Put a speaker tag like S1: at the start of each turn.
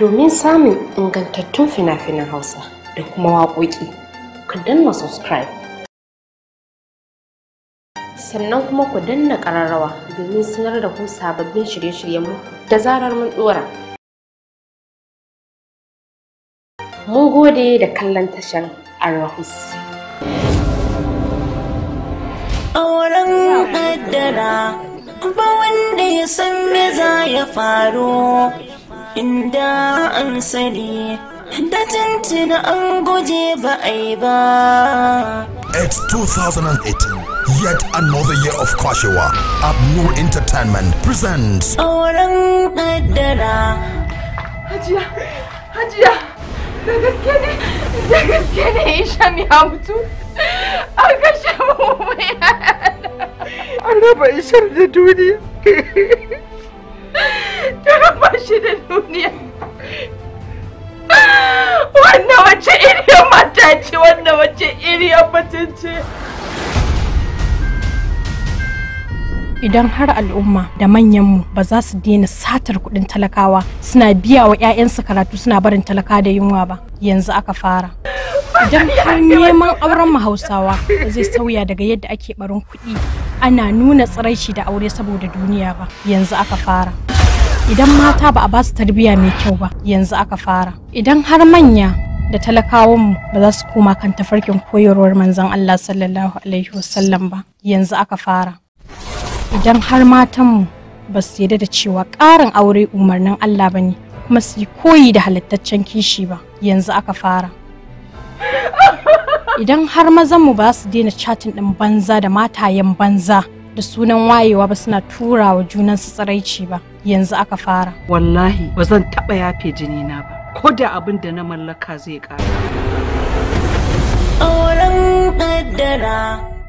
S1: domin samun ingantattun fina-finan Hausa da kuma waƙoƙi, ku danna subscribe. Sannan kuma ku danna ƙararrawa domin sanar da ku sababbin shirye-shiryenmu da zarar mun ɗora. Mun gode da kallon tashar Arahus. Auren ƙaddara, ba wanda ya san me za ya faru. inda an sani da tuntuna an guje ba a yi ba. It's 2018. Yet another year of Kashiwa. Abnur Entertainment presents. Auren kaddara. Hajiya, Hajiya, da gaske ne, da gaske ne Isham ya mutu. An kashe mu mai An raba Isham da duniya. wannan wace iriyar mata ce wannan wace iriyar mutum ce idan har al'umma da manyanmu ba za su daina satar kuɗin talakawa suna biya wa 'ya'yansu karatu suna barin talaka da yunwa ba yanzu aka fara idan har neman auren mu hausawa zai sauya daga yadda ake barin kuɗi ana nuna tsiraici da aure saboda duniya ba yanzu aka fara idan mata ba a ba su tarbiyya mai kyau ba yanzu aka fara idan har manya da talakawan ba za su koma kan tafarkin koyarwar manzan Allah sallallahu alaihi wasallam ba yanzu aka fara idan har matanmu ba su yarda da cewa ƙarin aure umarnin Allah bane kuma su koyi da halittaccen kishi ba yanzu aka fara idan har mazanmu ba su daina chatin ɗin banza da matayen banza da sunan wayewa ba suna tura wa junansu tsiraici ba yanzu aka fara wallahi ba zan taɓa yafe jinina ba ko da abin da na mallaka zai ƙara. Auren ƙaddara.